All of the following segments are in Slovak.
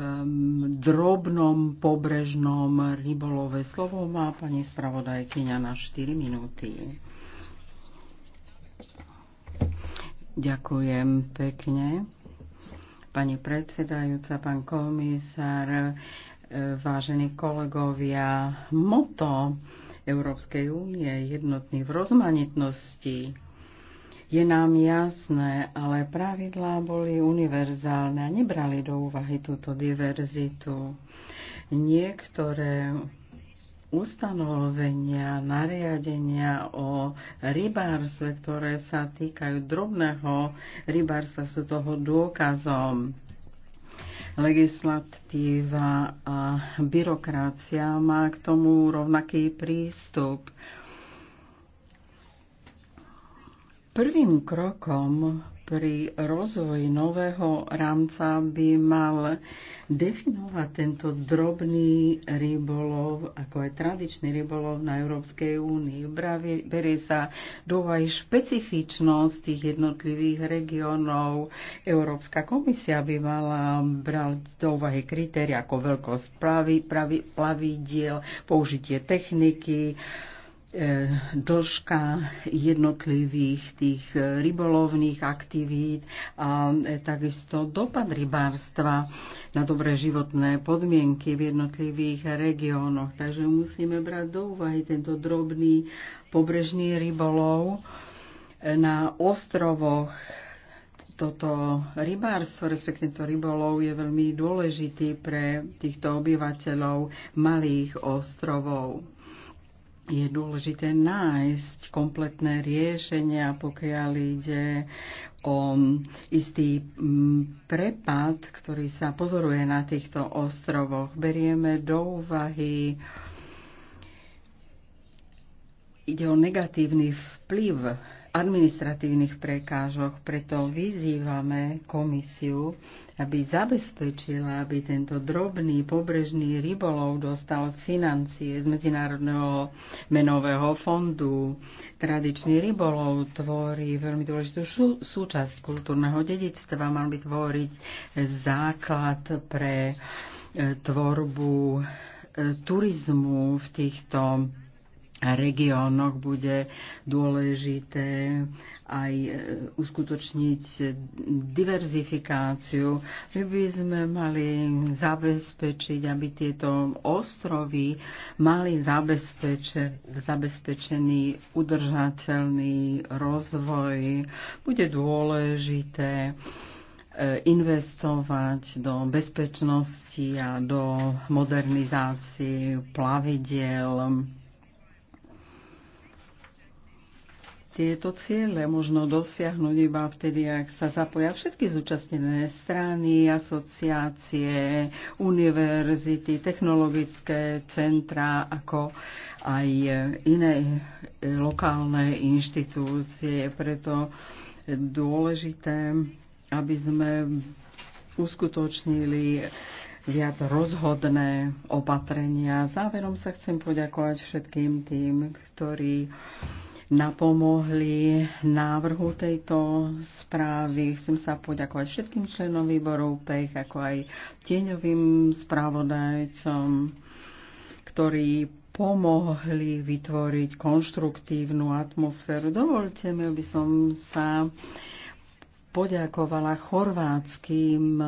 um, drobnom pobrežnom rybolove. Slovo má pani spravodajkyňa na 4 minúty. Ďakujem pekne. Pani predsedajúca, pán komisár, e, vážení kolegovia, moto Európskej únie jednotný v rozmanitnosti je nám jasné, ale pravidlá boli univerzálne a nebrali do úvahy túto diverzitu. Niektoré ustanovenia, nariadenia o rybárstve, ktoré sa týkajú drobného rybárstva, sú toho dôkazom. Legislatíva a byrokracia má k tomu rovnaký prístup. Prvým krokom pri rozvoji nového rámca by mal definovať tento drobný rybolov, ako je tradičný rybolov na Európskej únii. Berie sa do aj špecifičnosť tých jednotlivých regiónov. Európska komisia by mala brať do úvahy kritéria ako veľkosť plavidiel, použitie techniky, E, dĺžka jednotlivých tých rybolovných aktivít a e, takisto dopad rybárstva na dobré životné podmienky v jednotlivých regiónoch. Takže musíme brať do úvahy tento drobný pobrežný rybolov e, na ostrovoch toto rybárstvo, respektíve to rybolov je veľmi dôležitý pre týchto obyvateľov malých ostrovov je dôležité nájsť kompletné riešenia, pokiaľ ide o istý mm, prepad, ktorý sa pozoruje na týchto ostrovoch. Berieme do úvahy ide o negatívny vplyv administratívnych prekážok, preto vyzývame komisiu, aby zabezpečila, aby tento drobný pobrežný rybolov dostal financie z Medzinárodného menového fondu. Tradičný rybolov tvorí veľmi dôležitú súčasť kultúrneho dedictva, mal by tvoriť základ pre e, tvorbu e, turizmu v týchto regiónoch bude dôležité aj e, uskutočniť diverzifikáciu. My by sme mali zabezpečiť, aby tieto ostrovy mali zabezpečený udržateľný rozvoj. Bude dôležité e, investovať do bezpečnosti a do modernizácie plavidiel tieto ciele možno dosiahnuť iba vtedy, ak sa zapoja všetky zúčastnené strany, asociácie, univerzity, technologické centra, ako aj iné lokálne inštitúcie. Preto dôležité, aby sme uskutočnili viac rozhodné opatrenia. Záverom sa chcem poďakovať všetkým tým, ktorí napomohli návrhu tejto správy. Chcem sa poďakovať všetkým členom výboru PECH, ako aj tieňovým správodajcom, ktorí pomohli vytvoriť konštruktívnu atmosféru. Dovolte mi, aby som sa poďakovala chorvátským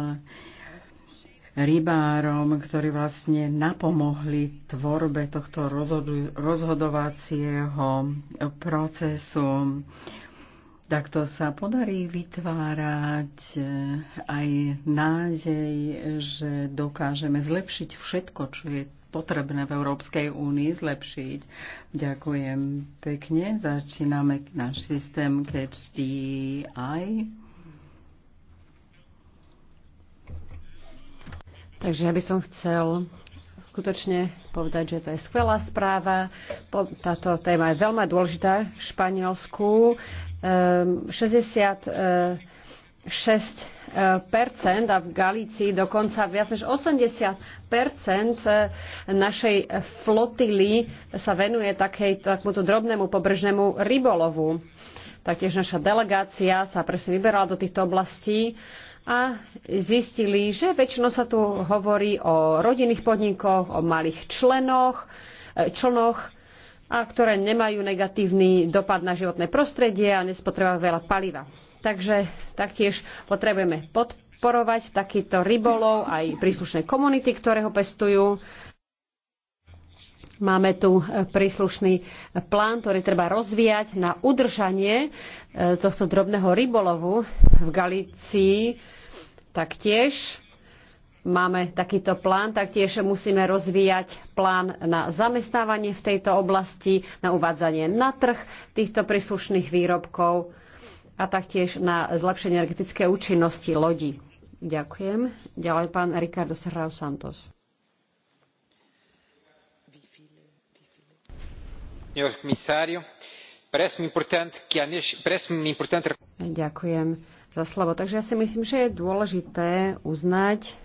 rybárom, ktorí vlastne napomohli tvorbe tohto rozhodovacieho procesu. Takto sa podarí vytvárať eh, aj nádej, že dokážeme zlepšiť všetko, čo je potrebné v Európskej únii zlepšiť. Ďakujem pekne. Začíname náš systém Catch the Eye. Takže ja by som chcel skutočne povedať, že to je skvelá správa. Táto téma je veľmi dôležitá v Španielsku. 66 ehm, eh, eh, a v Galícii dokonca viac než 80 eh, našej flotily sa venuje takej, takémuto drobnému pobržnému rybolovu. Taktiež naša delegácia sa presne vyberala do týchto oblastí a zistili, že väčšinou sa tu hovorí o rodinných podnikoch, o malých členoch, e, člnoch, a ktoré nemajú negatívny dopad na životné prostredie a nespotrebujú veľa paliva. Takže taktiež potrebujeme podporovať takýto rybolov aj príslušné komunity, ktoré ho pestujú Máme tu e, príslušný e, plán, ktorý treba rozvíjať na udržanie e, tohto drobného rybolovu v Galícii. Taktiež máme takýto plán, taktiež musíme rozvíjať plán na zamestnávanie v tejto oblasti, na uvádzanie na trh týchto príslušných výrobkov a taktiež na zlepšenie energetické účinnosti lodí. Ďakujem. Ďalej pán Ricardo Serrao Santos. Ďakujem za slovo. Takže ja si myslím, že je dôležité uznať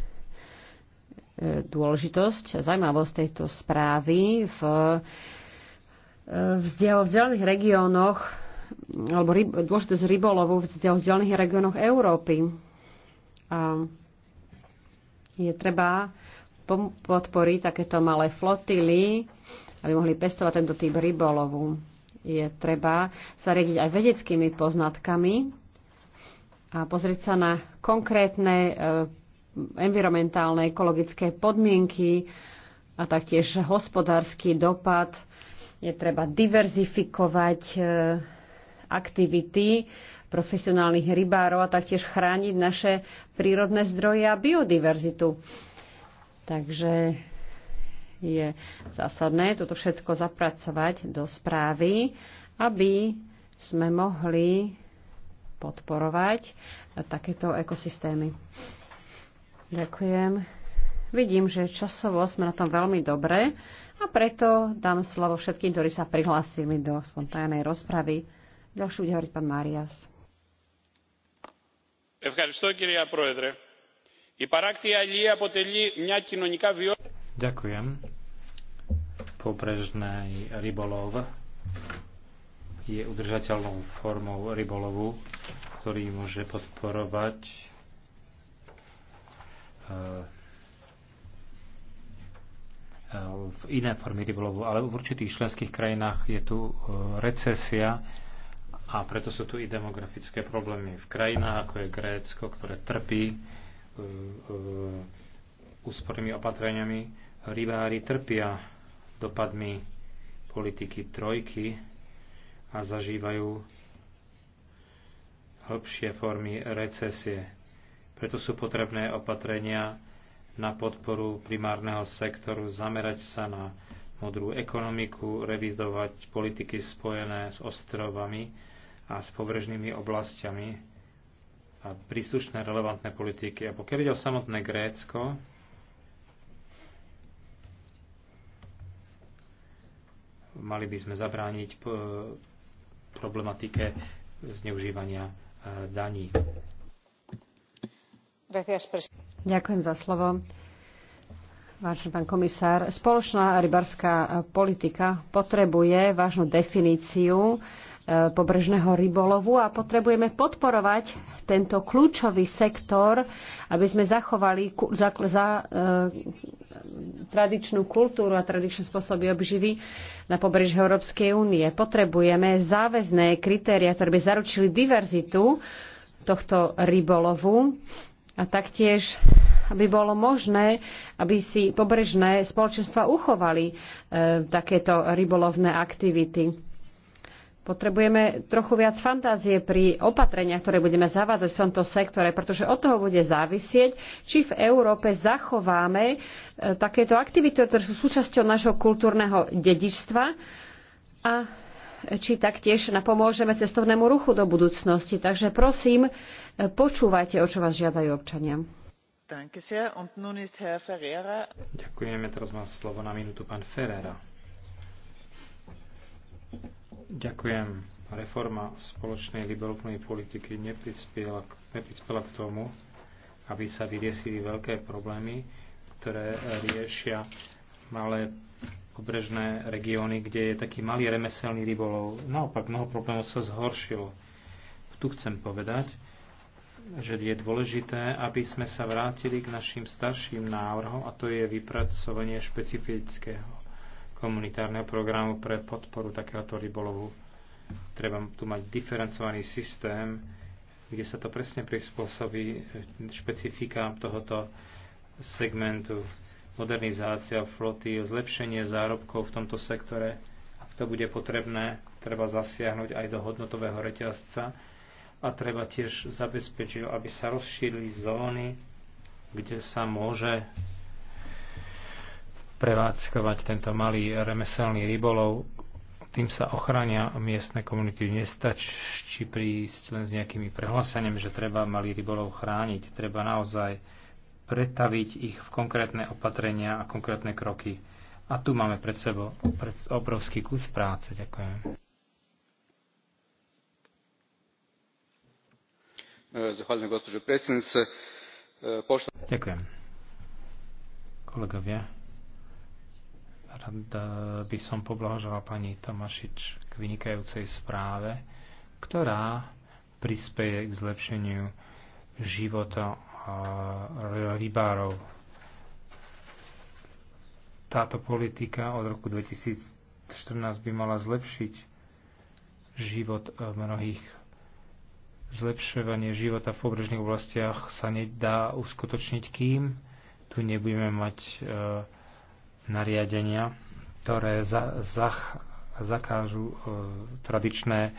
e, dôležitosť a zaujímavosť tejto správy e, v, vzdialených regiónoch alebo ryb, dôležitosť rybolovu v vzdialených regiónoch Európy. A je treba podporí takéto malé flotily, aby mohli pestovať tento typ rybolovu. Je treba sa riediť aj vedeckými poznatkami a pozrieť sa na konkrétne e, environmentálne, ekologické podmienky a taktiež hospodársky dopad. Je treba diverzifikovať e, aktivity profesionálnych rybárov a taktiež chrániť naše prírodné zdroje a biodiverzitu. Takže je zásadné toto všetko zapracovať do správy, aby sme mohli podporovať takéto ekosystémy. Ďakujem. Vidím, že časovo sme na tom veľmi dobre a preto dám slovo všetkým, ktorí sa prihlásili do spontánnej rozpravy. Ďalšiu bude hovoriť pán Marias. Ďakujem, Ďakujem. Pobrežný rybolov je udržateľnou formou rybolovu, ktorý môže podporovať eh, v iné formy rybolovu, ale v určitých členských krajinách je tu eh, recesia a preto sú tu i demografické problémy. V krajinách ako je Grécko, ktoré trpí E, e, úspornými opatreniami rybári trpia dopadmi politiky trojky a zažívajú hĺbšie formy recesie. Preto sú potrebné opatrenia na podporu primárneho sektoru, zamerať sa na modrú ekonomiku, revizovať politiky spojené s ostrovami a s pobrežnými oblastiami, príslušné relevantné politiky. A pokiaľ ide o samotné Grécko, mali by sme zabrániť eh, problematike zneužívania eh, daní. Ďakujem za slovo. Vážený pán komisár, spoločná rybarská politika potrebuje vážnu definíciu pobrežného rybolovu a potrebujeme podporovať tento kľúčový sektor, aby sme zachovali za, za, e, tradičnú kultúru a tradičné spôsoby obživy na pobreží Európskej únie. Potrebujeme záväzné kritéria, ktoré by zaručili diverzitu tohto rybolovu a taktiež aby bolo možné, aby si pobrežné spoločenstva uchovali e, takéto rybolovné aktivity Potrebujeme trochu viac fantázie pri opatreniach, ktoré budeme zavádzať v tomto sektore, pretože od toho bude závisieť, či v Európe zachováme e, takéto aktivity, ktoré sú súčasťou nášho kultúrneho dedičstva a či taktiež napomôžeme cestovnému ruchu do budúcnosti. Takže prosím, e, počúvajte, o čo vás žiadajú občania. Ďakujeme, teraz má slovo na minútu pán Ferrera. Ďakujem. Reforma spoločnej liberálnej politiky neprispela k, k tomu, aby sa vyriešili veľké problémy, ktoré eh, riešia malé pobrežné regióny, kde je taký malý remeselný rybolov. Naopak, mnoho problémov sa zhoršilo. Tu chcem povedať, že je dôležité, aby sme sa vrátili k našim starším návrhom, a to je vypracovanie špecifického komunitárneho programu pre podporu takéhoto rybolovu. Treba tu mať diferencovaný systém, kde sa to presne prispôsobí eh, špecifikám tohoto segmentu. Modernizácia floty, zlepšenie zárobkov v tomto sektore. Ak to bude potrebné, treba zasiahnuť aj do hodnotového reťazca a treba tiež zabezpečiť, aby sa rozšírili zóny, kde sa môže prevádzkovať tento malý remeselný rybolov. Tým sa ochránia miestne komunity. Nestačí prísť len s nejakými prehlásením, že treba malý rybolov chrániť. Treba naozaj pretaviť ich v konkrétne opatrenia a konkrétne kroky. A tu máme pred sebou obrovský kus práce. Ďakujem. Ďakujem. Kolegovia, by som poblahožala pani Tomašič k vynikajúcej správe, ktorá prispieje k zlepšeniu života rybárov. Táto politika od roku 2014 by mala zlepšiť život e, mnohých. Zlepšovanie života v pobrežných oblastiach sa nedá uskutočniť, kým tu nebudeme mať e, nariadenia, ktoré za, za, zakážu e, tradičné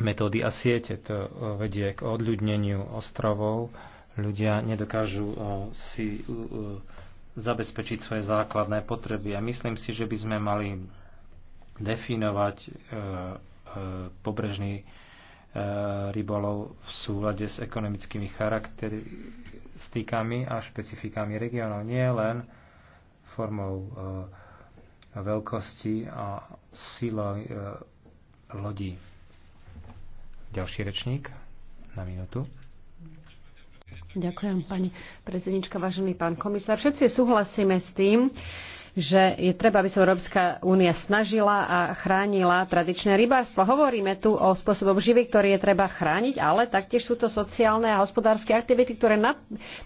metódy a siete. To e, vedie k odľudneniu ostrovov. Ľudia nedokážu e, si e, zabezpečiť svoje základné potreby. A myslím si, že by sme mali definovať e, e, pobrežný Eh, rybolov v súlade s ekonomickými charakteristikami a špecifikami regionov. Nie len formou eh, veľkosti a silou eh, lodí. Ďalší rečník na minútu. Ďakujem, pani predsednička, vážený pán komisár. Všetci súhlasíme s tým, že je treba, aby sa Európska únia snažila a chránila tradičné rybárstvo. Hovoríme tu o spôsoboch živy, ktoré je treba chrániť, ale taktiež sú to sociálne a hospodárske aktivity, ktoré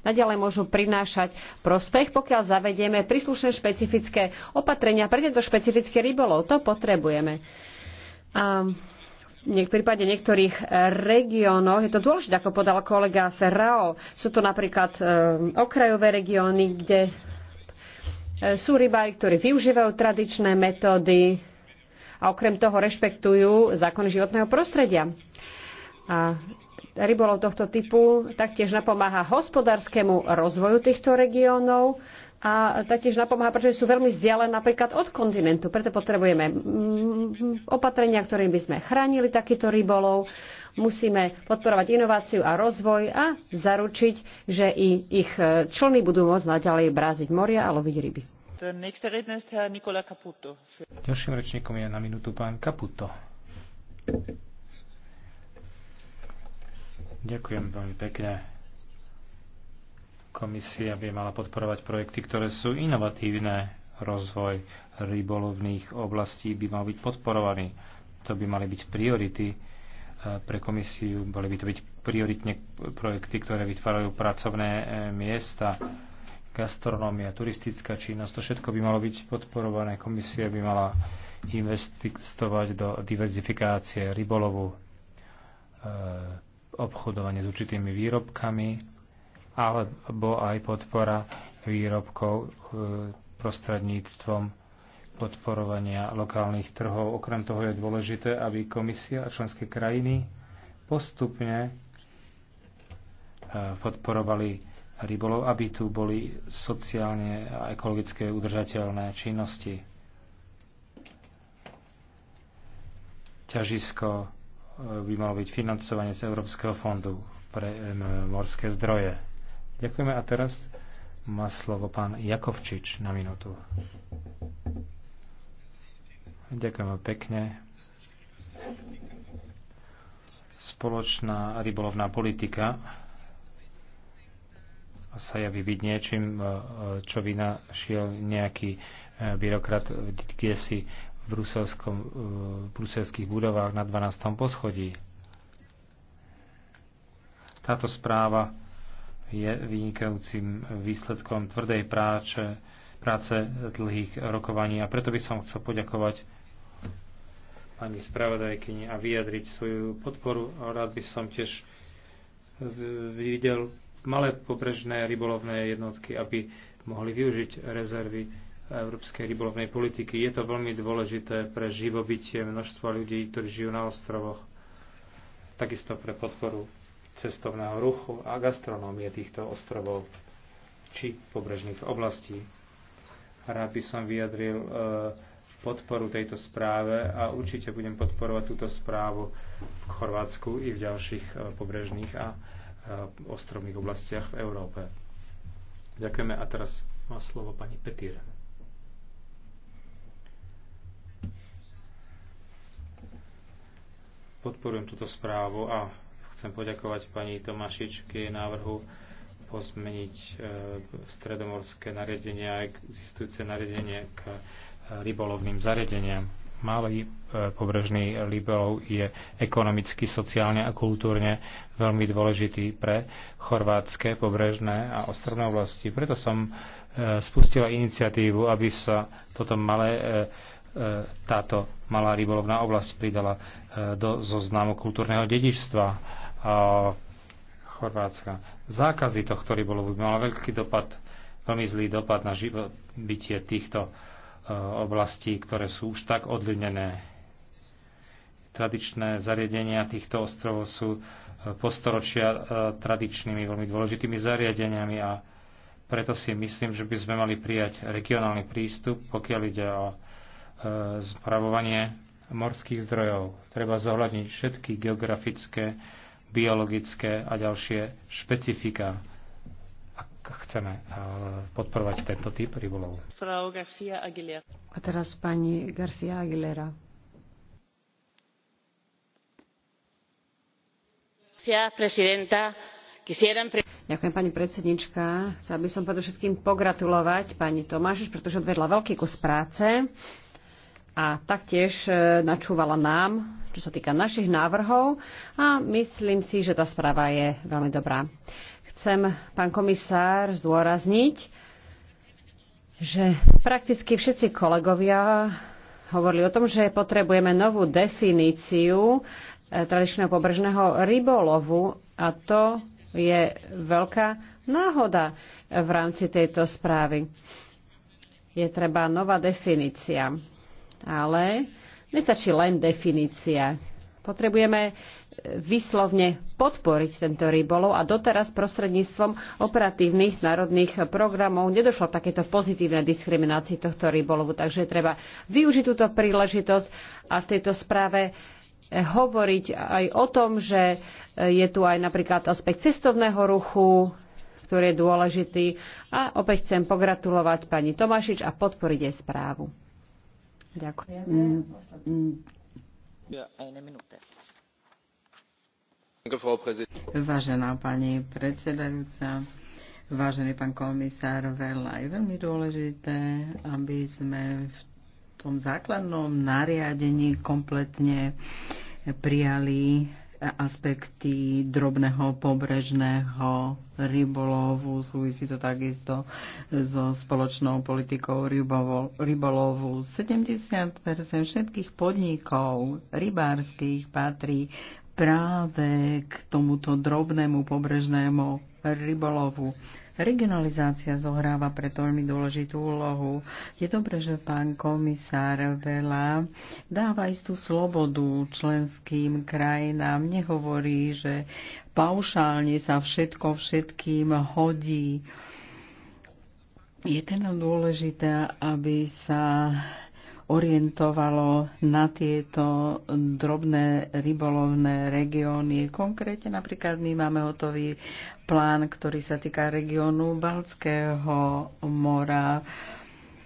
naďalej môžu prinášať prospech, pokiaľ zavedieme príslušné špecifické opatrenia pre tento špecifický rybolov. To potrebujeme. A v prípade niektorých regiónoch, je to dôležité, ako podal kolega Ferrao, sú to napríklad ehm, okrajové regióny, kde E, sú rybári, ktorí využívajú tradičné metódy a okrem toho rešpektujú zákony životného prostredia. A rybolov tohto typu taktiež napomáha hospodárskému rozvoju týchto regiónov a taktiež napomáha, pretože sú veľmi vzdialené napríklad od kontinentu. Preto potrebujeme opatrenia, ktorým by sme chránili takýto rybolov. Musíme podporovať inováciu a rozvoj a zaručiť, že i ich e, člny budú môcť naďalej bráziť moria a loviť ryby. Ďalším rečníkom je na minútu pán Caputo. Ďakujem veľmi pekne. Komisia by mala podporovať projekty, ktoré sú inovatívne. Rozvoj rybolovných oblastí by mal byť podporovaný. To by mali byť priority eh, pre komisiu, boli by to byť prioritne projekty, ktoré vytvárajú pracovné eh, miesta gastronómia, turistická činnosť, to všetko by malo byť podporované. Komisia by mala investovať do diverzifikácie rybolovu, e, obchodovanie s určitými výrobkami, alebo aj podpora výrobkov e, prostredníctvom podporovania lokálnych trhov. Okrem toho je dôležité, aby komisia a členské krajiny postupne e, podporovali rybolov, aby tu boli sociálne a ekologické udržateľné činnosti. Ťažisko e, by malo byť financovanie z Európskeho fondu pre e, morské zdroje. Ďakujeme a teraz má slovo pán Jakovčič na minútu. Ďakujem pekne. Spoločná rybolovná politika sa javí byť niečím, e, e, čo vynašiel nejaký e, byrokrat, kde si v, v bruselských budovách na 12. poschodí. Táto správa je vynikajúcim výsledkom tvrdej práce, práce dlhých rokovaní a preto by som chcel poďakovať pani spravodajkyni a vyjadriť svoju podporu. Rád by som tiež videl malé pobrežné rybolovné jednotky, aby mohli využiť rezervy európskej rybolovnej politiky. Je to veľmi dôležité pre živobytie množstva ľudí, ktorí žijú na ostrovoch, takisto pre podporu cestovného ruchu a gastronómie týchto ostrovov či pobrežných oblastí. Rád by som vyjadril e, podporu tejto správe a určite budem podporovať túto správu v Chorvátsku i v ďalších e, pobrežných a ostrovných oblastiach v Európe. Ďakujeme a teraz má slovo pani Petír. Podporujem túto správu a chcem poďakovať pani Tomášič, k jej návrhu pozmeniť e, stredomorské nariadenia a existujúce nariadenie k e, rybolovným zariadeniam. Malý e, pobrežný Libelov je ekonomicky, sociálne a kultúrne veľmi dôležitý pre chorvátske pobrežné a ostrovné oblasti. Preto som e, spustila iniciatívu, aby sa toto malé, e, táto malá rybolovná oblasť pridala do zoznamu kultúrneho dedičstva Chorvátska. Zákazy tohto rybolovu by mala veľký dopad, veľmi zlý dopad na bytie týchto uh, oblasti, ktoré sú už tak odlinené. Tradičné zariadenia týchto ostrovov sú e, postoročia e, tradičnými veľmi dôležitými zariadeniami a preto si myslím, že by sme mali prijať regionálny prístup, pokiaľ ide o spravovanie e, morských zdrojov. Treba zohľadniť všetky geografické, biologické a ďalšie špecifika chceme eh, podporovať tento typ rybolov. A teraz pani Garcia Aguilera. Ďakujem, pani predsednička. Chcela by som predovšetkým pogratulovať pani Tomášiš, pretože odvedla veľký kus práce a taktiež eh, načúvala nám, čo sa týka našich návrhov a myslím si, že tá správa je veľmi dobrá chcem, pán komisár, zdôrazniť, že prakticky všetci kolegovia hovorili o tom, že potrebujeme novú definíciu e, tradičného pobrežného rybolovu a to je veľká náhoda v rámci tejto správy. Je treba nová definícia. Ale nestačí len definícia. Potrebujeme eh, vyslovne podporiť tento rybolov a doteraz prostredníctvom operatívnych národných programov nedošlo takéto pozitívne diskriminácii tohto rybolovu. Takže treba využiť túto príležitosť a v tejto správe eh, hovoriť aj o tom, že eh, je tu aj napríklad aspekt cestovného ruchu, ktorý je dôležitý. A opäť chcem pogratulovať pani Tomašič a podporiť jej správu. Ďakujem. Mm, mm, Vážená pani predsedajúca, vážený pán komisár Verla, je veľmi dôležité, aby sme v tom základnom nariadení kompletne prijali aspekty drobného pobrežného rybolovu, súvisí to takisto so spoločnou politikou rybolovu. 70% všetkých podnikov rybárskych patrí práve k tomuto drobnému pobrežnému rybolovu. Regionalizácia zohráva preto veľmi dôležitú úlohu. Je dobré, že pán komisár veľa dáva istú slobodu členským krajinám. Nehovorí, že paušálne sa všetko všetkým hodí. Je teda dôležité, aby sa orientovalo na tieto drobné rybolovné regióny. Konkrétne napríklad my máme hotový plán, ktorý sa týka regiónu Balckého mora.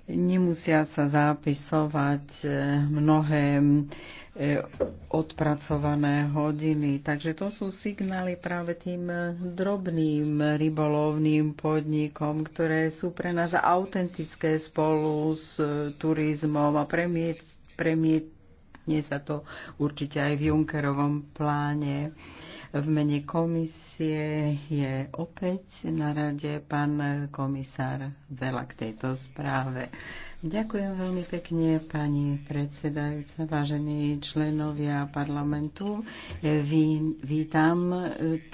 Nemusia sa zapisovať mnohé E, odpracované hodiny. Takže to sú signály práve tým drobným rybolovným podnikom, ktoré sú pre nás autentické spolu s turizmom a premiet, premietne sa to určite aj v Junkerovom pláne. V mene komisie je opäť na rade pán komisár Vela k tejto správe. Ďakujem veľmi pekne, pani predsedajúca, vážení členovia parlamentu. E, Ví, vítam e,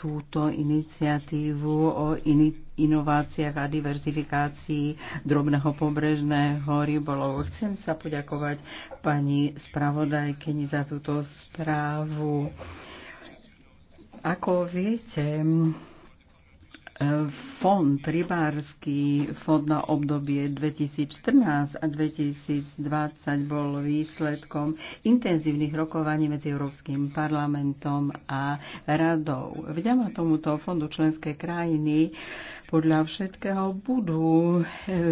túto iniciatívu o iniciatívu inováciách a diverzifikácii drobného pobrežného rybolovu. Chcem sa poďakovať pani spravodajkeni za túto správu. Ako viete, fond, rybársky fond na obdobie 2014 a 2020 bol výsledkom intenzívnych rokovaní medzi Európskym parlamentom a radou. Vďaka tomuto fondu členské krajiny podľa všetkého budú eh,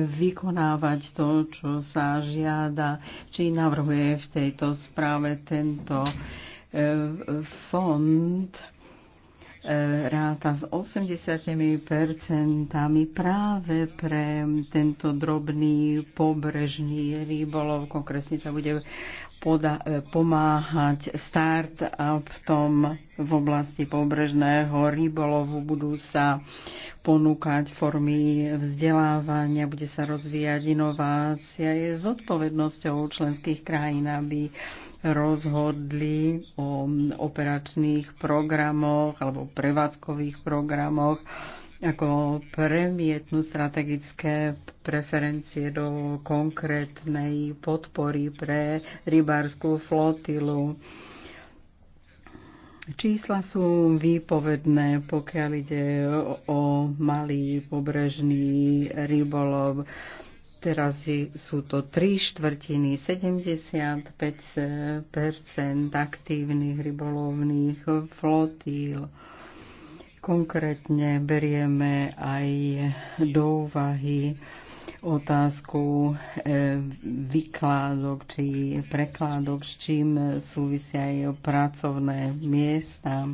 vykonávať to, čo sa žiada, či navrhuje v tejto správe tento eh, fond ráta s 80% práve pre tento drobný pobrežný rybolov. Konkrétne sa bude poda- pomáhať start-up tom v oblasti pobrežného rybolovu. Budú sa ponúkať formy vzdelávania, bude sa rozvíjať inovácia. Je zodpovednosťou členských krajín, aby rozhodli o operačných programoch alebo prevádzkových programoch ako premietnú strategické preferencie do konkrétnej podpory pre rybárskú flotilu. Čísla sú výpovedné, pokiaľ ide o malý pobrežný rybolov. Teraz sú to 3 štvrtiny, 75 aktívnych rybolovných flotíl. Konkrétne berieme aj do úvahy otázku e, vykládok či prekládok, s čím súvisia aj pracovné miesta.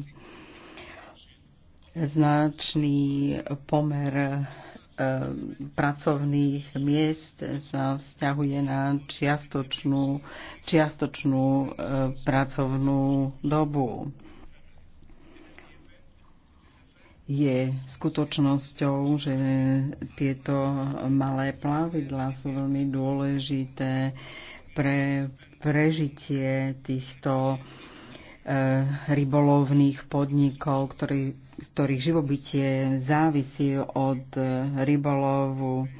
Značný pomer Eh, pracovných miest sa vzťahuje na čiastočnú, čiastočnú eh, pracovnú dobu. Je skutočnosťou, že tieto malé plavidla sú veľmi dôležité pre prežitie týchto Eh, rybolovných podnikov, ktorý, ktorých živobytie závisí od eh, rybolovu.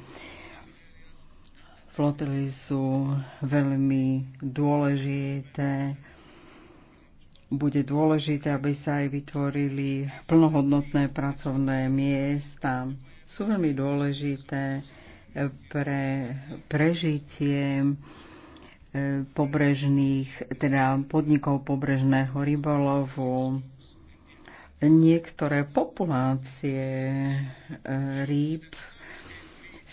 Flotily sú veľmi dôležité. Bude dôležité, aby sa aj vytvorili plnohodnotné pracovné miesta. Sú veľmi dôležité eh, pre prežitie E, pobrežných, teda podnikov pobrežného rybolovu. Niektoré populácie e, rýb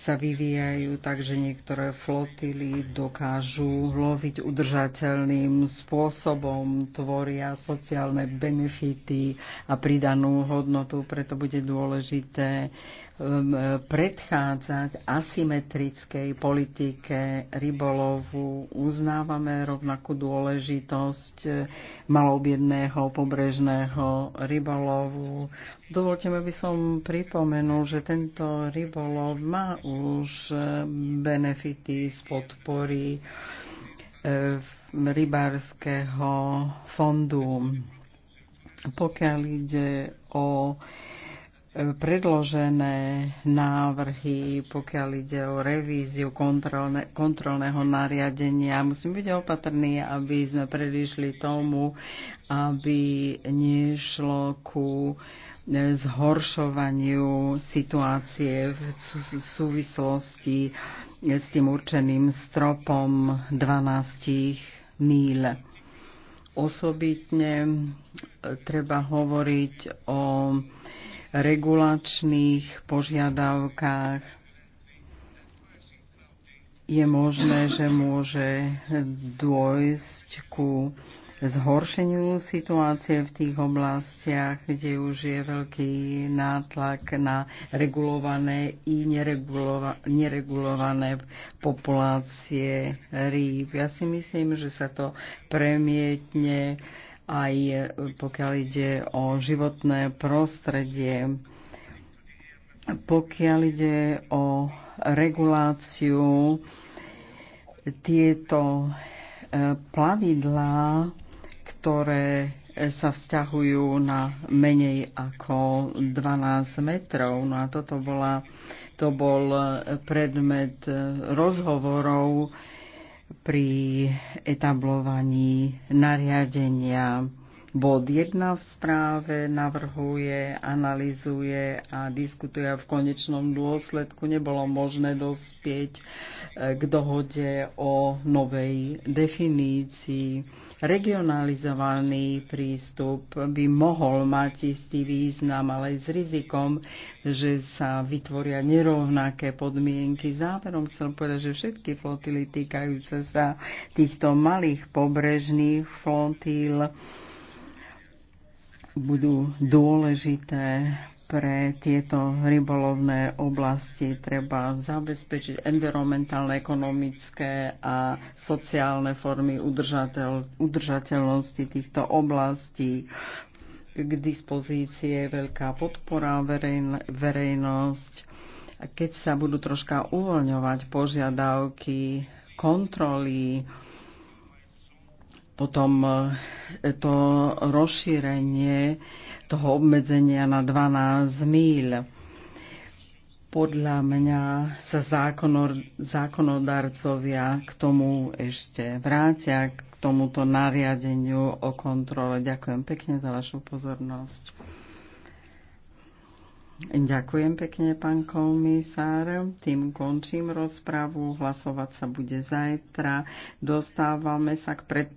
sa vyvíjajú tak, že niektoré flotily dokážu loviť udržateľným spôsobom, tvoria sociálne benefity a pridanú hodnotu, preto bude dôležité Um, predchádzať asymetrickej politike rybolovu. Uznávame rovnakú dôležitosť eh, malobiedného pobrežného rybolovu. Dovolte mi, aby som pripomenul, že tento rybolov má už eh, benefity z podpory eh, rybárskeho fondu. Pokiaľ ide o predložené návrhy, pokiaľ ide o revíziu kontrolne, kontrolného nariadenia. Musíme byť opatrný, aby sme predišli tomu, aby nešlo ku zhoršovaniu situácie v súvislosti s tým určeným stropom 12 míl. Osobitne treba hovoriť o regulačných požiadavkách. Je možné, že môže dôjsť ku zhoršeniu situácie v tých oblastiach, kde už je veľký nátlak na regulované i neregulova- neregulované populácie rýb. Ja si myslím, že sa to premietne aj e, pokiaľ ide o životné prostredie. Pokiaľ ide o reguláciu, tieto e, plavidlá, ktoré sa vzťahujú na menej ako 12 metrov. No a toto bola, to bol e, predmet rozhovorov pri etablovaní nariadenia Bod 1 v správe navrhuje, analizuje a diskutuje a v konečnom dôsledku nebolo možné dospieť eh, k dohode o novej definícii. Regionalizovaný prístup by mohol mať istý význam, ale aj s rizikom, že sa vytvoria nerovnaké podmienky. Záverom chcel povedať, že všetky flotily týkajúce sa týchto malých pobrežných flotíl budú dôležité pre tieto rybolovné oblasti. Treba zabezpečiť environmentálne, ekonomické a sociálne formy udržateľ, udržateľnosti týchto oblastí. K dispozície je veľká podpora verejn, verejnosť. Keď sa budú troška uvoľňovať požiadavky kontroly, potom e, to rozšírenie toho obmedzenia na 12 míľ. Podľa mňa sa zákonor, zákonodarcovia k tomu ešte vrátia, k tomuto nariadeniu o kontrole. Ďakujem pekne za vašu pozornosť. Ďakujem pekne, pán komisár. Tým končím rozpravu. Hlasovať sa bude zajtra. Dostávame sa k predpo-